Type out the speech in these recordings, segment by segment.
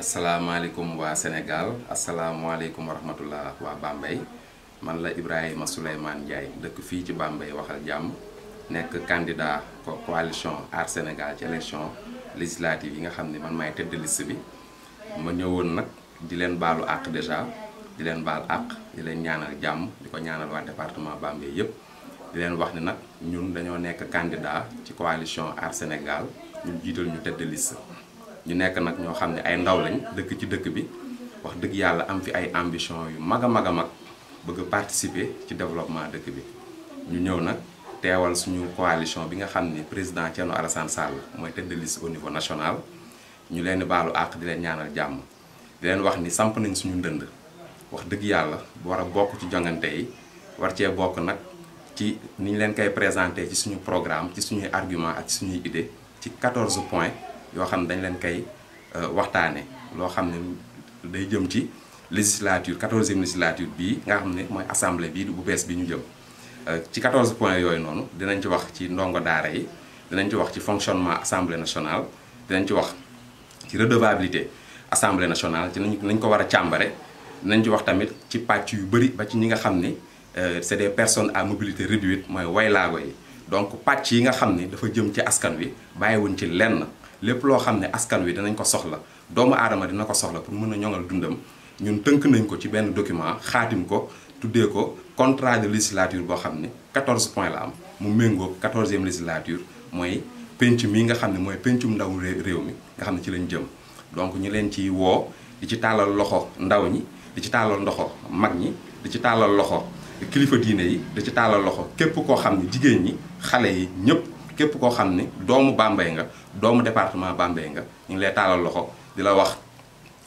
asalaamaaleykum waa Sénégal asalaamaaleykum wa rahmatullah waa bambay man la Ibrahima Souleymane Ndiaye dëkk fii ci Bambey waxal jàmm nekk candidat ko coalition Aar Sénégal ci élection législative yi nga xam ne man maay tête de bi ma ñëwoon nag di leen baalu àq déjà di leen baal àq di leen ñaanal jàmm di ko ñaanal waa département Bambey yépp di leen wax ni nag ñun dañoo nekk candidat ci coalition Aar Sénégal ñu jiital ñu tête de ñu nekk nag ñoo xam ne ay ndaw lañ dëkk ci dëkk bi wax dëgg yàlla am fi ay ambition yu mag a mag a mag bëgg participer ci développement dëkk bi ñu ñëw nag teewal suñu coalition bi nga xam ni président Thierno Alassane Sall mooy tête de au niveau national ñu leen baalu àq di leen ñaanal jàmm di leen wax ni samp nañ suñu ndënd wax dëgg yàlla war a bokk ci jongante yi war cee bokk nag ci ni ñu leen koy présenté ci suñu programme ci suñuy argument ak suñuy idée ci 14 points yoo xam ne dañ leen koy euh, waxtaane loo xam ne day jëm ci législature quatorzième législature bii nga xam ne mooy assemblée bii bu bees bi ñu jëm euh, ci quatorze points yooyu noonu dinañ ci wax ci ndongo daara yi dinañ ci wax ci fonctionnement assemblée nationale dinañ ci wax ci redevabilité assemblée nationale ci nañ ko war a càmbare dinañ ci wax tamit ci pàcc yu bëri ba ci ñi nga xam ne euh, c'est des personnes à mobilité réduite mooy woy yi donc pàcc yi nga xam ne dafa jëm ci askan wi bàyyiwuñ ci lenn lépp loo xam ne askan wi danañ ko soxla doomu aadama dina ko soxla pour mën a ñoŋal dundam ñun tënk nañ ko ci benn document xaatim ko tuddee ko contrat de législature boo xam ne 14 points la am mu méngoo 14e législature mooy penc mii nga xam ne mooy pencum ndaw réew mi nga xam ne ci lañ jëm donc ñu leen ci woo di ci tàllal loxo ndaw ñi di ci tàllal ndoxo mag ñi di ci tàllal loxo kilifa diine yi di ci tàllal loxo képp koo xam ne jigéen ñi xale yi ñëpp képp koo xam ne doomu Bambey nga doomu département Bambey nga ñu ngi lay taalal loxo di la wax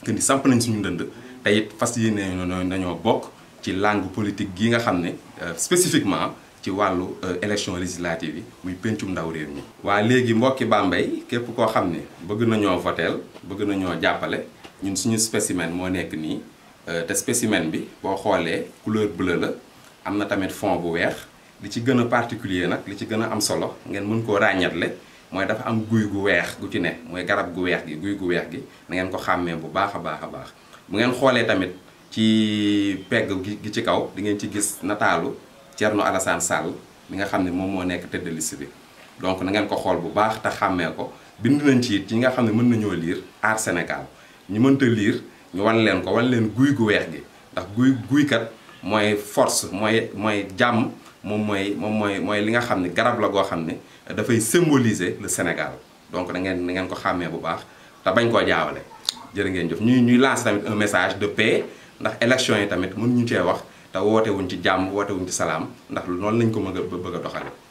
que ni samp nañ suñu ndënd te it fas yéene nañoo bokk ci langue politique gi nga xam ne euh, spécifiquement ci wàllu euh, élection législative yi muy pencum ndaw réew mi. waa léegi mbokki Bambey képp koo xam ne bëgg nañoo voteel bëgg nañoo jàppale ñun suñu spécimen moo nekk nii euh, te spécimen bi boo xoolee couleur bleue la am na tamit fond bu weex. li ci gën a particulier nag li ci gën a am solo ngeen mën koo ràññatle mooy dafa am guy gu weex gu ci ne mooy garab gu weex gi guy gu weex gi na ko xàmmee bu baax a baax a baax bu ngeen xoolee tamit ci pegg gi ci kaw di ngeen ci gis nataalu Thierno Alassane Sall mi nga xam ne moom moo nekk tëdd liste bi donc na ngeen ko xool bu baax te xàmmee ko bind nañ ci it ñi nga xam ne mën nañoo liir aar Sénégal ñu mënta liir ñu wan leen ko wan leen guy gu weex gi ndax guy kat mooy force mooy mooy jàmm moom mooy moom mooy mooy li nga xam ne garab la goo xam ne dafay symboliser le Sénégal donc da ngeen da ngeen ko xàmmee bu baax te bañ koo jaawale jërë ngeen jëf ñuy ñuy lancer tamit un message de paix ndax élection yi tamit mën ñu cee wax te wootewuñ ci jàmm woote wuñ ci salaam ndax noonu lañ ko mën a bëgg a doxale